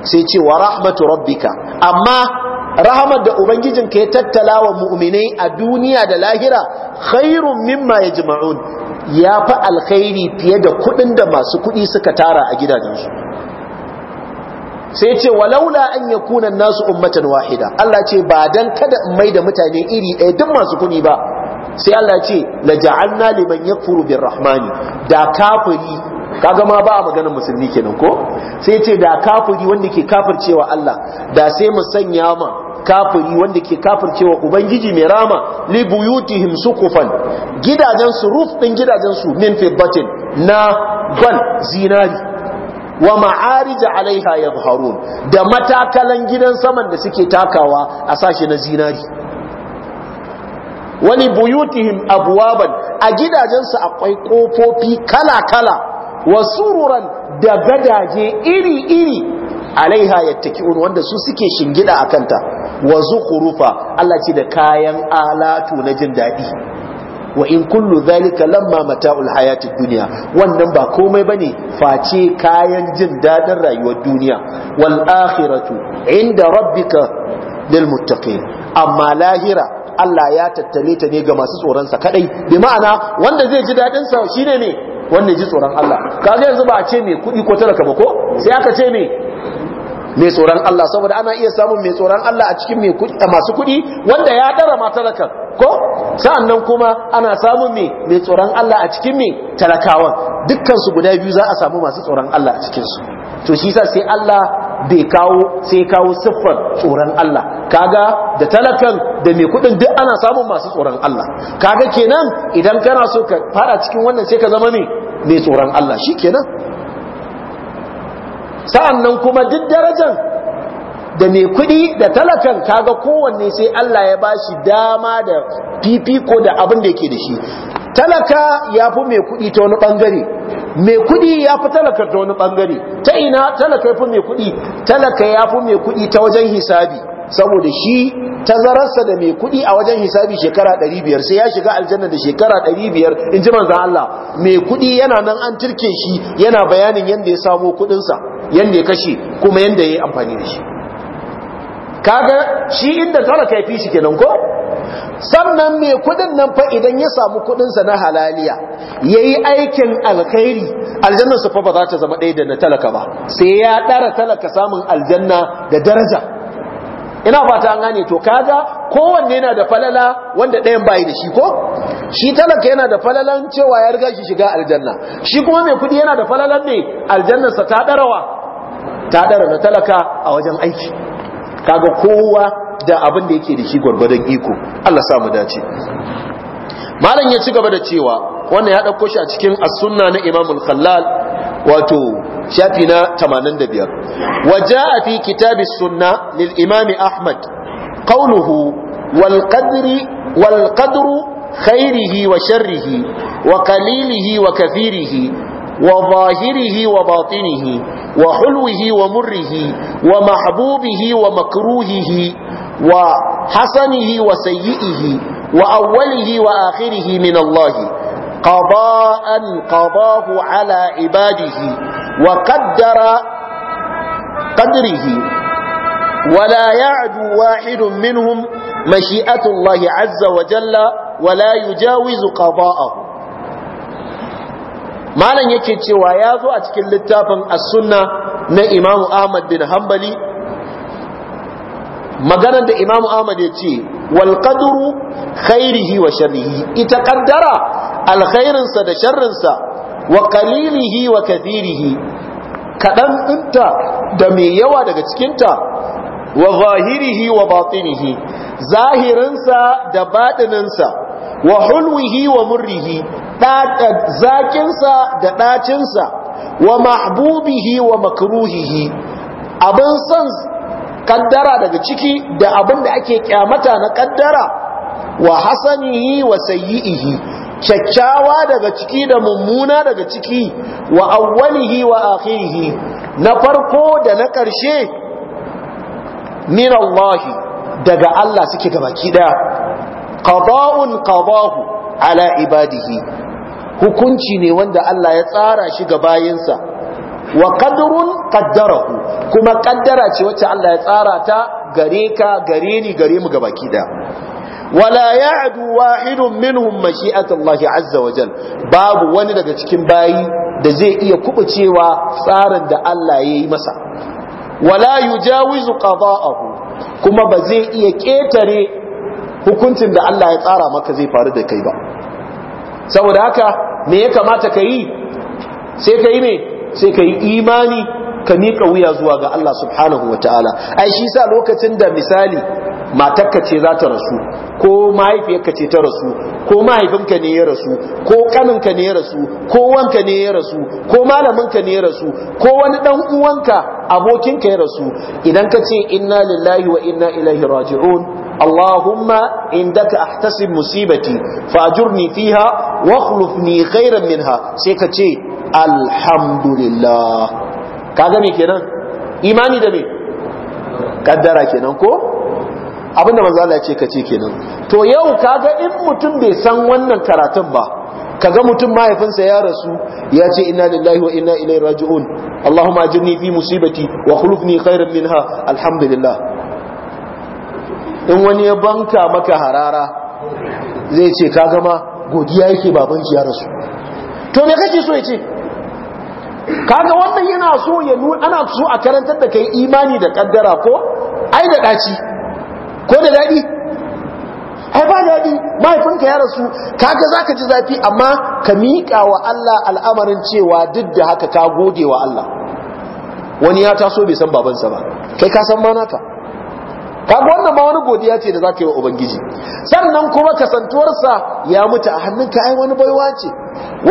sai ce wa rahmatu rabbika amma rahamar da ubangijinka ya tattala wa mu'minai a duniya da lahira khairun mimma yajma'un ya fi alkhairi fiye da kudin da masu kuɗi suka tara a gidajensu sai ce walaula an yakuna nasu ummatan wahida Allah ce ba dan kada in mai da mutane iri ɗaya duk masu kuɗi ba sai Allah ce la ja'alna liman yakfuru birrahmani da kafiri kaga ma ba a maganar musulmi kenan ko sai ce da kafiri wanda ke kafircewa Allah da sai mu sanya ma kafiri wanda ke kafircewa ubangiji mai rama li buyutihim sukufan gidajen su roof din gidajen su min batin na gwal zinari wa ma'arij alaiha yadhharun da matakalan gidan saman da suke takawa a sashi na zinari wani buyutihim abuwaban a gidajensu akwai kofofi kala-kala wa sururan da gadaje iri-iri alaiha yattaki'un wanda su suke shingida a kanta wa zukhrufa Allah ce da kayan alatu na jin daɗi wa in kullu zalika lamma mata'ul hayatid dunya wannan ba komai bane face kayan jin dadin rayuwar duniya wal akhiratu inda rabbika lil muttaqin amma lahira Allah ya tattale ta ne ga masu tsoron sa kadai bi ma'ana wanda zai ji dadin sa shine ne wanda ji tsoron Allah kaga yanzu ba a ce mai kuɗi ko talaka ba ko sai aka ce mai mai tsoron Allah saboda ana iya samun mai tsoron Allah a cikin masu kuɗi wanda ya dara ma talakan ko sa'annan kuma ana samun mai mai tsoron Allah a cikin mai talakawan dukkan su guda biyu za a samu masu tsoron Allah a cikin su to shi sa sai Allah bai kawo sai kawo siffar tsoron Allah kaga da talakan da mai kudin duk ana samun masu tsoron Allah kaga kenan idan kana so ka fara cikin wannan sai ka zama ne mai tsoron Allah shikenan sa'annan kuma duk darajar da mai kudi da talakan kaga kowanne sai Allah ya bashi dama da fifiko da abin da yake da shi talaka ya fi mai kuɗi ta wani bangare mai kuɗi ya fi talaka ta wani bangare ta ina talaka ya fi mai kuɗi talaka ya fi mai kuɗi ta wajen hisabi saboda shi tazararsa da mai kuɗi a wajen hisabi shekara 500 sai ya shiga aljanna da shekara 500 in ji manzan Allah mai kuɗi yana nan an turke shi yana bayanin yadda ya samo kuɗinsa yadda ya kashe kuma yadda ya yi amfani da shi kaga shi inda talaka ya fi shi kenan ko sannan mai kudin nan fa idan ya samu sa na halaliya ya yi aikin alkhairi aljanna su fa ba za ta zama ɗaya da na talaka ba sai ya ɗara talaka samun aljanna da daraja ina fata an gane to kaga kowanne yana da falala wanda ɗayan bayi da shi ko shi talaka yana da falalan cewa ya riga shi shiga aljanna shi kuma mai kudi yana da falalan ne aljannarsa ta ɗarawa ta ɗara na talaka a wajen aiki kaga kowa da abin da yake da shi gwargwadon iko Allah samu dace malam ya ci gaba da cewa wannan ya dauko shi a cikin as-sunna na Imam al-Khallal wato shafi na 85 wajaa fi kitab as-sunna lil Imam Ahmad qawluhu wal qadri wal qadru wa kalilihi wa kafirihi. وظاهره وباطنه وحلوه ومره ومحبوبه ومكروهه وحسنه وسيئه وأوله وآخره من الله قضاء قضاه على عباده وقدر قدره ولا يعدو واحد منهم مشيئة الله عز وجل ولا يجاوز قضاءه malam yake cewa ya zo a cikin littafin as-sunna na imamu ahmad bin hanbali maganar da Imam ahmad ya ce wal qadru khairihi wa sharrihi ita kaddara alkhairinsa da sharrinsa wa qalilihi wa kathirihi kadan dinta da mai yawa daga cikinta wa zahirihi wa batinihi zahirinsa da batininsa wa hulwihi wa murrihi zakinsa da ɗacinsa wa mahbubihi wa makruhihi abin son kaddara daga ciki da abin da ake kyamata na kaddara wa hasanihi wa sayyi'ihi kyakkyawa daga ciki da mummuna daga ciki wa awwalihi wa akhirihi na farko da na ƙarshe min Allah daga Allah suke gabaki daya qada'un qadahu ala ibadihi hukunci ne wanda Allah ya tsara shi ga bayinsa wa qadrun qaddarahu kuma kaddara ce wacce Allah ya tsara ta gare ka gare ni gare mu gabaki wala ya'du wahidun minhum mashi'atullahi azza jal babu wani daga cikin bayi da zai iya kubucewa tsarin da Allah ya yi masa wala yujawizu qada'ahu kuma ba zai iya ketare hukuncin da Allah ya tsara maka zai faru da kai ba saboda haka me ya kamata ka yi sai ka yi ne sai ka yi imani ka miƙa wuya zuwa ga Allah subhanahu wa ta'ala ai shi sa lokacin da misali matarka ce za ta rasu ko mahaifiyarka ce ta rasu ko mahaifinka ne ya rasu ko kaninka ne ya rasu ko wanka ne ya rasu ko malaminka ne ya rasu ko wani dan uwanka abokinka ya rasu idan ka ce inna lillahi wa inna ilaihi raji'un اللهم عندك احتسب مصيبتي فاجرني فيها واخلفني خيرا منها سيكتشي الحمد لله kaga me kenan imani da me kaddara kenan ko abinda manzo Allah ya ce kace kenan to yau kaga in mutum bai san wannan karatun ba kaga mutum mahaifinsa ya rasu ya ce inna lillahi wa inna ilaihi raji'un allahumma ajirni fi musibati wa khulufni khairan minha alhamdulillah in wani ya banka maka harara zai ce ka gama godiya yake babanki ya rasu to me kake so ya ce kaga wannan yana so ya nuna ana so a karantar da kai imani da kaddara ko ai da daci ko da dadi ai ba dadi mahaifinka ya rasu kaga zaka ji zafi amma ka miƙa wa Allah al'amarin cewa duk da haka ka gode wa Allah wani ya taso bai san babansa ba kai ka san ma naka kaga wannan ba wani godiya ce da za ka yi wa ubangiji sannan kuma kasantuwarsa ya mutu a hannunka ai wani baiwa ce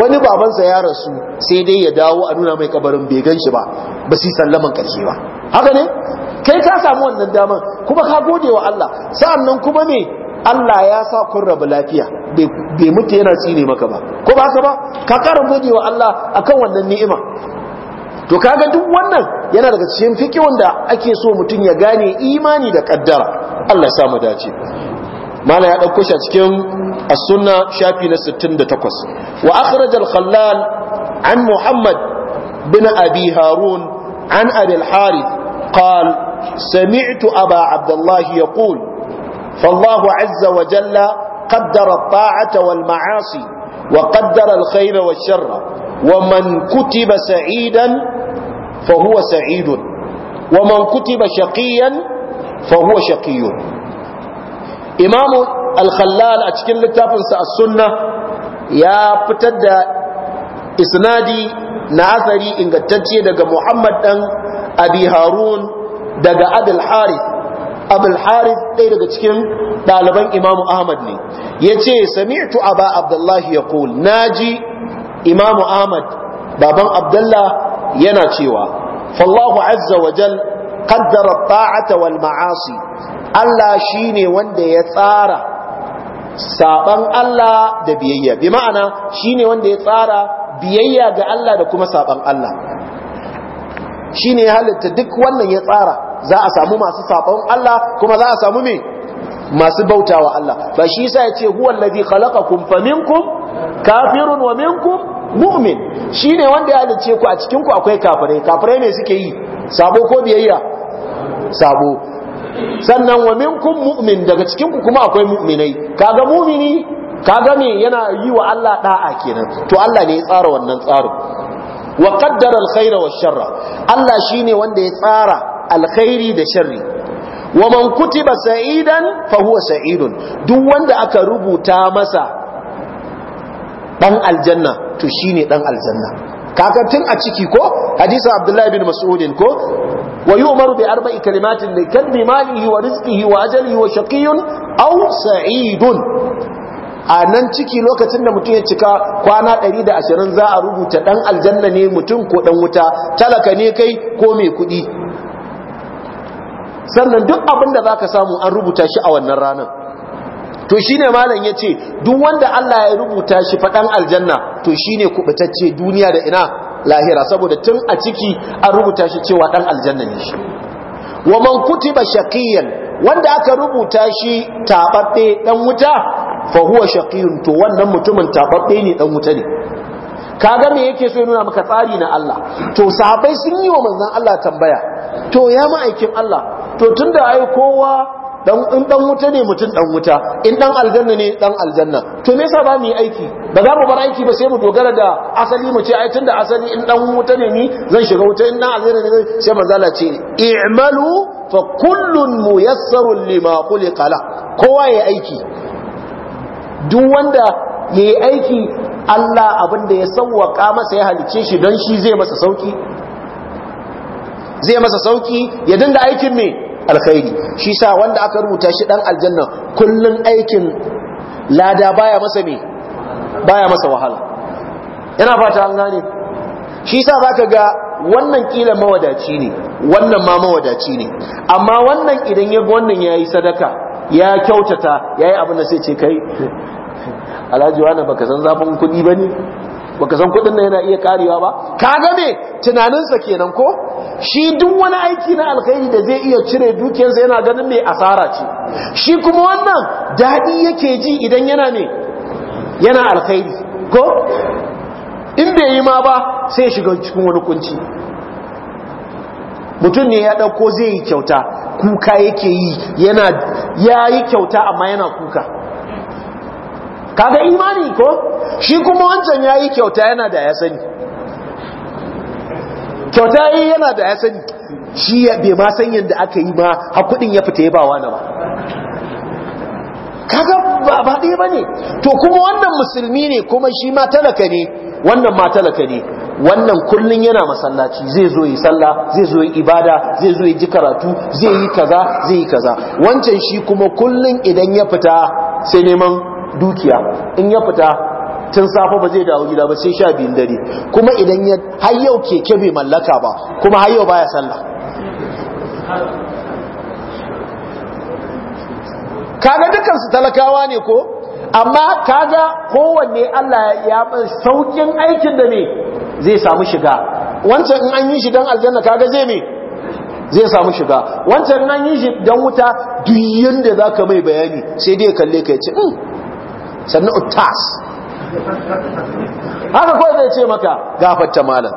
wani babansa ya rasu sai dai ya dawo a nuna mai kabarin bai gan shi ba ba su sallaman karshe ba haka ne kai ka samu wannan daman kuma ka gode wa Allah sannan kuma ne Allah ya sa kun rabu lafiya bai mutu yana tsine maka ba ko ba ka ba ka karin gode wa Allah akan wannan ni'ima to kaga duk wannan yana daga cikin fikihun da ake so mutum ya gane imani da kaddara Allah ya samu dace mala ya dauko shi a cikin as-sunna shafi na 68 wa akhraj al-khallal an muhammad bin abi harun an abi al-harith قال سمعت أبا عبد الله يقول فالله عز وجل قدر الطاعة والمعاصي وقدر الخير والشر ومن كتب سعيدا fa huwa sa'idun wa man kutiba shaqiyan fa huwa shaqiyun imamu al-khallal a cikin littafinsa a sunna ya fitar da isnadi na asari ingantacce daga muhammad dan abi harun daga abul harith abul harith ɗaya daga cikin ɗaliban imamu ahmad ne ya ce sami'tu aba abdullahi ya na ji imamu ahmad baban abdullah yana cewa fallahu azza wa jal qaddara ta'ata wal ma'asi Allah shine wanda ya tsara saban Allah da biyayya bi ma'ana shine wanda ya tsara biyayya ga Allah da kuma saban Allah shine ya halitta duk wannan ya tsara za a samu masu saban Allah kuma za a samu me masu bautawa Allah ba shi yasa yace huwallazi khalaqakum faminkum kafirun wa minkum mu'min shine wanda ya halice ku a cikin ku akwai kafirai kafirai ne suke yi sabo ko biyayya sabo sannan wa minkum mu'min daga cikin ku kuma akwai mu'minai kaga mu'mini kaga me yana yi wa Allah da'a kenan to Allah ne ya tsara wannan tsarin wa qaddara alkhaira wash-sharra Allah shine wanda ya tsara alkhairi da sharri wa man kutiba sa'idan fa huwa sa'idun duk wanda aka rubuta masa dan aljanna to shine dan aljanna kaga tun a ciki ko hadisi abdullahi bin mas'udin ko wa yu'maru bi arba'i kalimatin li kalbi malihi wa rizqihi wa ajalihi wa shaqiyyun aw sa'idun a nan ciki lokacin da mutum ya cika kwana 120 za a rubuta dan aljanna ne mutum ko dan wuta talaka ne kai ko mai kudi sannan duk abin da zaka samu an rubuta shi a wannan ranar to shine malam ce duk wanda Allah ya rubuta shi faɗan aljanna to shine kubutacce duniya da ina lahira saboda tun a ciki an rubuta shi cewa ɗan aljanna ne shi wa man kutiba shaqiyan wanda aka rubuta shi tababbe dan wuta fa huwa shaqiyun to wannan mutumin tababbe ne dan wuta ne kaga me yake so ya nuna maka tsari na Allah to sahabbai sun yi wa manzon Allah tambaya to ya ma'aikin Allah to tunda ai kowa in dan wuta ne mutum dan wuta in dan aljanna ne dan aljanna to me yasa ba mu yi aiki ba za mu bar aiki ba sai mu dogara da asali mu ce ai tunda asali in dan wuta ne ni zan shiga wuta in dan aljanna ne sai manzo Allah ce i'malu fa kullun muyassarun lima khuliqa la kowa ya aiki duk wanda ya yi aiki Allah abin da ya sawwaka masa ya halice shi dan shi zai masa sauki zai masa sauki ya dinda aikin me alkhairi shi sa wanda aka rubuta shi dan aljanna kullun aikin lada baya masa me baya masa wahala ina fata an gane shi sa zaka ga wannan kila mawadaci ne wannan ma mawadaci ne amma wannan idan ya ga wannan yayi sadaka ya kyautata yayi abin da sai ce kai alhaji wani baka san zafin kuɗi bane baka san kudin nan yana iya karewa ba kaga me tunaninsa kenan ko shi duk wani aiki na alkhairi da zai iya cire dukiyarsa yana ganin mai asara ce shi kuma wannan daɗi yake ji idan yana ne yana alkhairi ko in bai yi ma ba sai shiga cikin wani kunci mutum ne ya ɗauko zai yi kyauta kuka yake yi yana ya kyauta amma yana kuka kaga imani ko shi kuma wancan ya yi kyauta yana da ya sani kyauta yi eh yana da ya sani shi ya bai ma san yadda aka yi ma hakudin ya fita ya ba wa ba kaga ba ba ne to kuma wannan musulmi ne kuma shi ma talaka ne wannan ma talaka ne wannan kullum yana masallaci zai zo yi sallah zai zo yi ibada zai zo yi ji karatu zai yi kaza zai yi kaza wancan shi kuma kullum idan ya fita sai neman dukiya in ya fita tun safe ba zai dawo gida ba sai sha biyun dare kuma idan ya har yau keke bai mallaka ba kuma har yau baya sallah kaga dukkan su talakawa ne ko amma kaga kowanne Allah ya ba saukin aikin da ne zai samu shiga wancan in an yi shi dan aljanna kaga zai me zai samu shiga wancan in an yi shi dan wuta duk yanda zaka mai bayani sai dai kalle ka yi ce hmm, Sannu utas haka kawai zai ce maka gafarta malam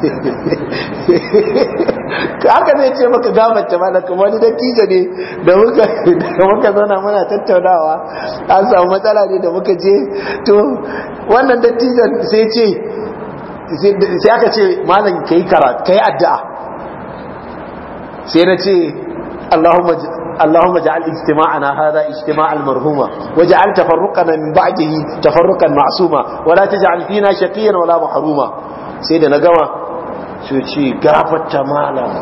haka zai ce maka gafarta malam kuma wani dattijo ne da muka zana muna tattaunawa an samu matsala ne da muka je to wannan dattijon sai ce sai aka ce malam ka yi addu'a sai na ce Allahumma اللهم اجعل اجتماعنا هذا اجتماعا مرحوما واجعل تفرقنا من بعده تفرقا معصوما ولا تجعل فينا شقيا ولا محروما سيدنا قوى su ce gafarta malam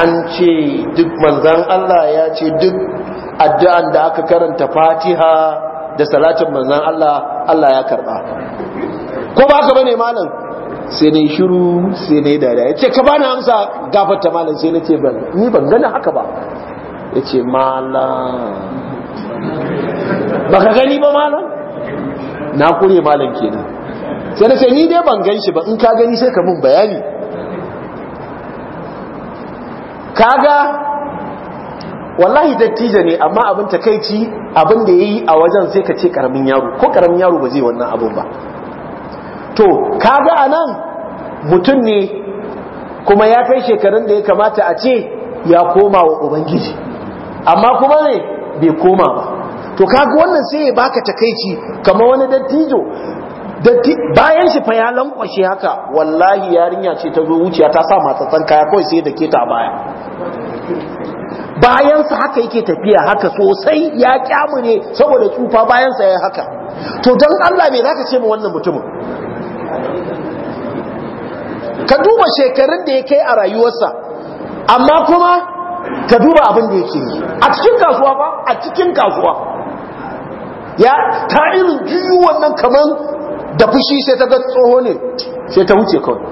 an ce duk manzan Allah ya ce duk addu'an da aka karanta fatiha da salatin manzan Allah Allah ya karɓa, ko ba ka bane malam sai ne shiru sai ne dariya ce ka bani amsa gafarta malam sai na ce ban ni ban gani haka ba ya ce malam ba ka gani ba malam na kure malam kenan sai na ni dai ban gan shi ba in ka gani sai ka mun bayani kaga wallahi dattijo ne amma abin takaici abin da yayi a wajen sai ka ce karamin yaro ko karamin yaro ba zai wannan abin ba to kaga anan mutum ne kuma ya kai shekarun da ya kamata a ce ya koma wa ubangiji amma kuma ne bai koma ba to kaga wannan sai ya baka takaici kamar wani dattijo bayan shi fa ya lankwashe haka wallahi yarinya ce ta zo wuciya ta sa matsatsan kaya kawai sai da ke ta baya bayansa haka yake tafiya haka sosai ya kyamu ne saboda tsufa bayansa ya haka to dan Allah me zaka ce mu wannan mutumin ka duba shekarun da ya kai a rayuwarsa amma kuma ka duba abin da yake yi a cikin kasuwa ba a cikin kasuwa ya ta irin juyu wannan kaman da fushi sai ta ga tsoho ne sai ta wuce kawai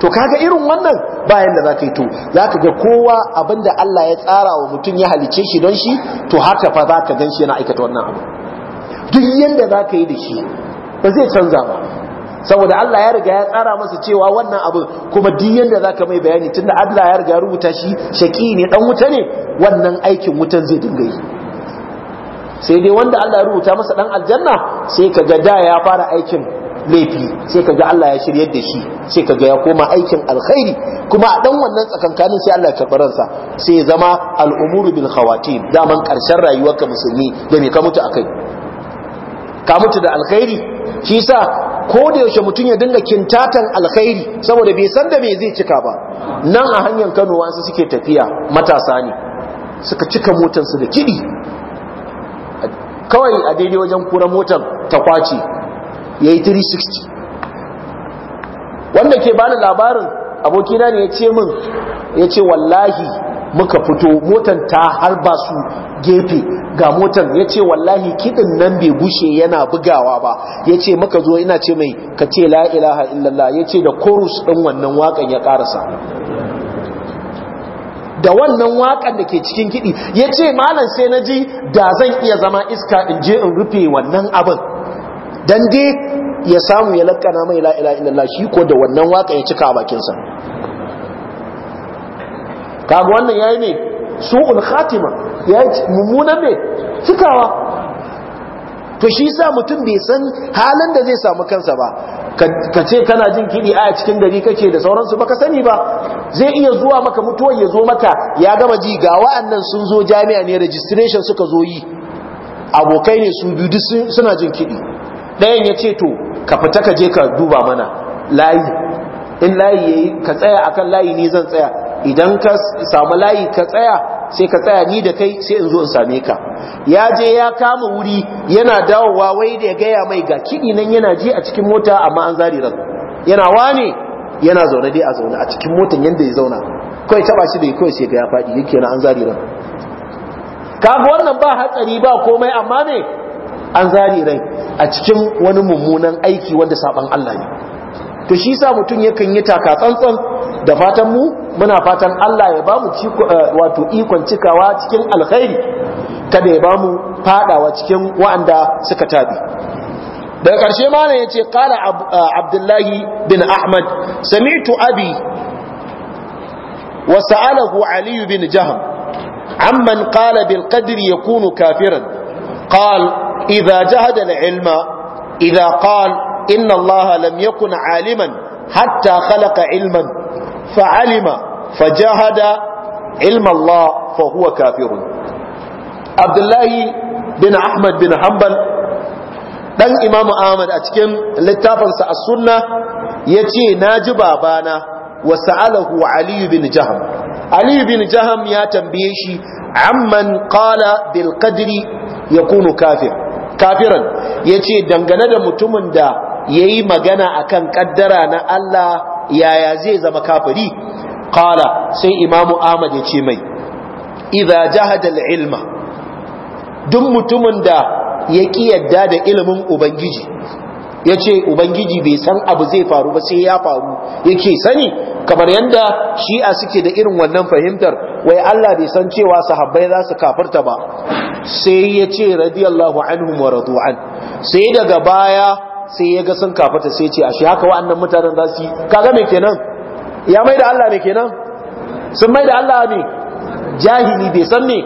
to kaga irin wannan bayan da za ka yi to za ka ga kowa abin da Allah ya tsara wa mutum ya halice shi don shi to haka fa za ka gan shi yana aikata wannan abu duk yadda za ka yi da shi ba zai canza ba saboda Allah ya riga ya tsara masa cewa wannan abu kuma duk yanda zaka mai bayani tunda Allah ya riga rubuta shi shaki ne dan wuta ne wannan aikin wutan zai dinga yi sai dai wanda Allah ya rubuta masa dan aljanna sai kaga da ya fara aikin laifi sai kaga Allah ya shiryar da shi sai kaga ya koma aikin alkhairi kuma a dan wannan tsakankanin sai Allah ya karɓi ransa sai ya zama al'umuru bil khawatim daman karshen rayuwarka musulmi da me ka mutu akai ka mutu da alkhairi shi sa ko da yaushe mutum ya dinga kintatan alkhairi saboda bai san da me zai cika ba nan a hanyar Kano wasu suke tafiya matasa ne suka cika motar su da kidi kawai a daidai wajen kura motar ta kwace yayi 360 wanda ke bani labarin abokina ne ya ce min ya ce wallahi muka fito motan ta harba su gefe ga motan ya ce wallahi kiɗin nan bai gushe yana bugawa ba ya ce muka zo ina ce mai ka ce la ilaha illallah ya ce da korus ɗin wannan waƙan ya ƙarasa da wannan wakan da ke cikin kiɗi ya ce malam sai na ji da zan iya zama iska in je in rufe wannan abin dan dai ya samu ya lakana mai la ilaha illallah shi ko da wannan wakan ya cika a bakinsa kaga wannan yayi ne su'ul khatima yayi mummunan ne cikawa to shi sa mutum bai san halin da zai samu kansa ba ka ce kana jin kiɗi a cikin gari kake da sauransu ba ka sani ba zai iya zuwa maka mutuwar ya zo maka ya gama ji ga wa'annan sun zo jami'a ne registration suka zo yi abokai ne su biyu suna jin kiɗi ɗayan ya ce to ka fita ka je ka duba mana layi in layi yayi ka tsaya akan layi ne zan tsaya idan ka samu layi ka tsaya sai ka tsaya ni da kai sai in zo in same ka ya je ya kama wuri yana dawowa wai da ya gaya mai ga kiɗi nan yana ji a cikin mota amma an zari ran yana wane yana zaune dai a zaune a cikin motan yanda ya zauna kawai taba shi da kawai sai ga ya faɗi yake na an zari ran kaga wannan ba hatsari ba komai amma ne an zari rai a cikin wani mummunan aiki wanda saban Allah ne to shi sa mutum yakan yi taka tsantsan da fatan mu muna fatan Allah ya bamu eh, wato ikon cikawa cikin alkhairi kada ya bamu fadawa cikin wa'anda suka tabi daga ƙarshe mana ya ce qala eh, abdullahi bin ahmad sami'tu abi wa sa'alahu aliyu bin jaham amman qala bil qadri yakunu kafiran qal idza jahada al ilma idza qal inna allaha lam yakun aliman hatta khalaqa ilman fa'alima fajahada ilma Allah fa huwa kafirun abdullahi bin ahmad bin hanbal dan imamu ahmad a cikin littafinsa a sunna ya ce na ji babana wa sa'alahu aliyu bin jaham aliyu bin jaham ya tambaye shi amman qala bil qadri yakunu kafir kafiran yace dangane da mutumin da yi magana akan kaddara na Allah yaya zai zama kafiri qala sai imamu ahmad ya ce mai idza jahada alilma ilma duk mutumin da ya ki yadda da ilimin ubangiji ya ce ubangiji bai san abu zai faru ba sai ya faru yake sani kamar yadda shi'a suke da irin wannan fahimtar wai Allah bai san cewa sahabbai za su kafarta ba sai ya ce radiyallahu anhu wa radu'an sai daga baya sai ya ga sun kafata sai ce ashe haka wa'annan mutanen za su yi kaga me kenan ya mai da Allah ne kenan sun mai da Allah ne jahili bai san ne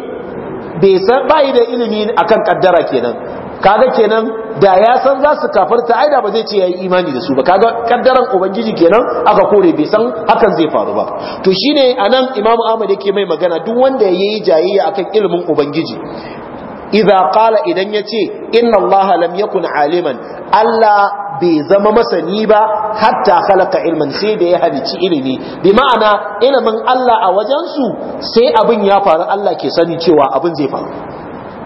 bai san bai da ilimi akan kaddara kenan kaga kenan da ya san za su kafarta aida da ba zai ce ya yi imani da su ba kaga kaddaran ubangiji kenan aka kore bai san hakan zai faru ba to shine anan Imam Ahmad yake mai magana duk wanda yayi jayayya akan ilimin ubangiji idza qala idan yace inna Allah lam yakun aliman Allah bai zama masani ba hatta khalaqa ilman sai da ya halici ilimi bi ma'ana ilimin Allah a wajen su sai abin ya faru Allah ke sani cewa abin zai faru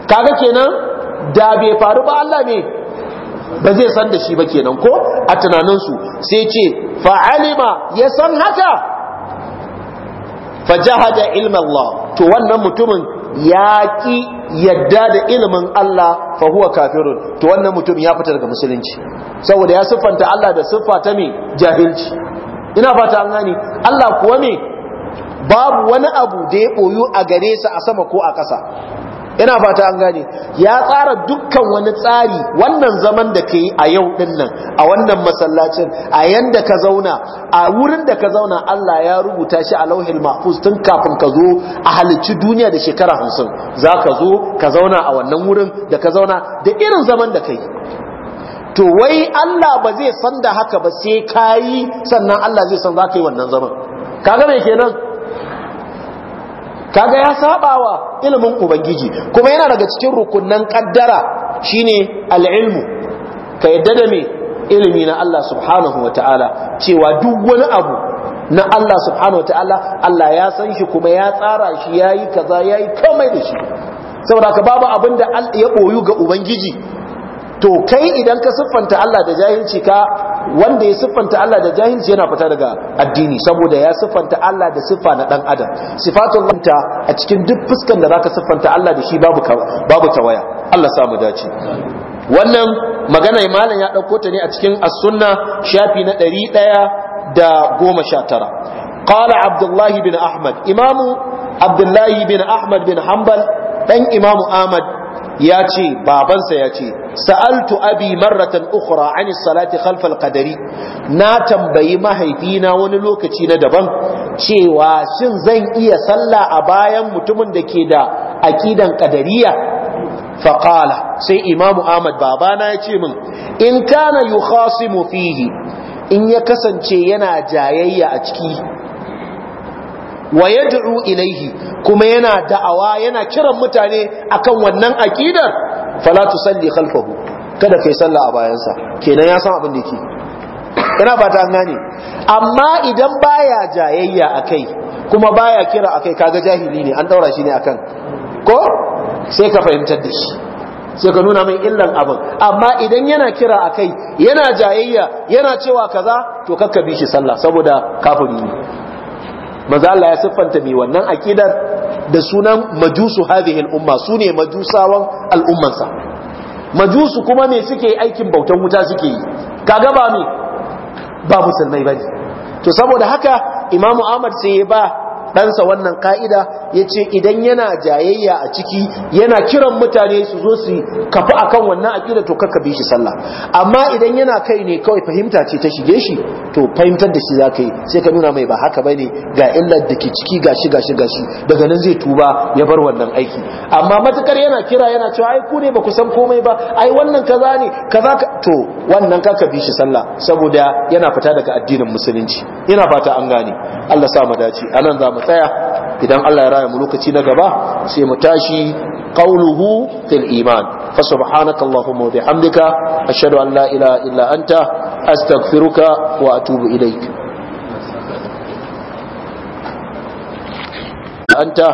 kaga kenan da bai faru ba Allah ne ba zai san da shi ba kenan ko a tunanin su sai ce fa'alima ya san haka fajahada ilmin Allah to wannan mutumin ya ƙi yadda da ilimin Allah Fahuwa huwa kafirun to wannan mutum ya fita daga musulunci saboda ya siffanta Allah da siffa ta me jahilci ina fata an gani Allah kuwa me babu wani abu da ya ɓoyu a gare sa a sama ko a ƙasa ina fata an gane ya tsara dukkan wani tsari wannan zaman da ka a yau din a wannan masallacin a yanda ka zauna a wurin da ka zauna Allah ya rubuta shi a lauhin mahfuz tun kafin ka zo a halicci duniya da shekara hamsin za ka zo ka zauna a wannan wurin da ka zauna da irin zaman da ka yi to wai Allah ba zai san da haka ba sai ka yi sannan Allah zai san za ka yi wannan zaman kaga mai kenan kaga ya sabawa ilimin ubangiji kuma yana daga cikin rukunnan kaddara shine al-ilmu ka yadda da me ilimi na Allah subhanahu wataala cewa duk wani abu na Allah subhanahu wataala Allah ya san shi kuma ya tsara shi yayi kaza yayi komai da shi saboda ka babu abin da ya boyu ga ubangiji to kai idan ka siffanta Allah da jahilci ka wanda ya siffanta Allah da jahilci yana fita daga addini saboda ya siffanta Allah da siffa na dan adam sifatun lanta a cikin duk fuskan da zaka siffanta Allah da shi babu babu tawaya Allah samu dace wannan magana malam ya dauko ta ne a cikin as-sunna shafi na 119 qala abdullah bin ahmad imamu abdullah bin ahmad bin hanbal dan imamu ahmad Ahmad. ya ce babansa ya ce sa'altu abi marratan ukhra an salati khalfal qadari na tambayi mahaifina wani lokaci na daban cewa shin zan iya sallah a bayan mutumin da ke da aƙidan ƙadariya Faƙala. sai imamu ahmad babana ya ce min in kana yukhasimu fihi in ya kasance yana jayayya a ciki wa yad'u ilaihi kuma yana da'awa yana kiran mutane akan wannan aqidar Falatu tusalli khalfahu kada kai sallah a bayansa kenan ya san abin da yake ina fata an gane amma idan baya jayayya akai kuma baya kira akai kaga jahili ne an daura shi ne akan ko sai ka fahimtar da shi sai ka nuna mai illan abin amma idan yana kira akai yana jayayya yana cewa kaza to kakka bi shi sallah saboda kafiri ne manzo Allah ya siffanta mai wannan aqidar da sunan majusu hadhihi al-umma sune majusawan al'ummansa majusu kuma me suke aikin bautan wuta suke yi kaga ba me ba musulmai bane to saboda haka imamu Ahmad sai ya ba ɗansa wannan ka'ida ya ce idan yana jayayya a ciki yana kiran mutane su zo su kafa akan wannan aƙida to ka bi shi sallah amma idan yana kai ne kawai fahimta ce ta shige shi to fahimtar da shi za ka yi sai ka nuna mai ba haka ba ne ga illar da ke ciki gashi gashi gashi daga nan zai tuba ya bar wannan aiki amma matukar yana kira yana cewa ai ku ne ba ku san komai ba ai wannan kaza ne kaza to wannan kaka bi shi sallah saboda yana fita daga addinin musulunci ina fata an gane Allah sa mu dace anan za mu tsaya idan Allah ya raya mu lokaci na gaba sai mu tashi qawluhu fil iman fa subhanaka allahumma wa bihamdika ashhadu an la ilaha illa anta astaghfiruka wa atubu ilaik anta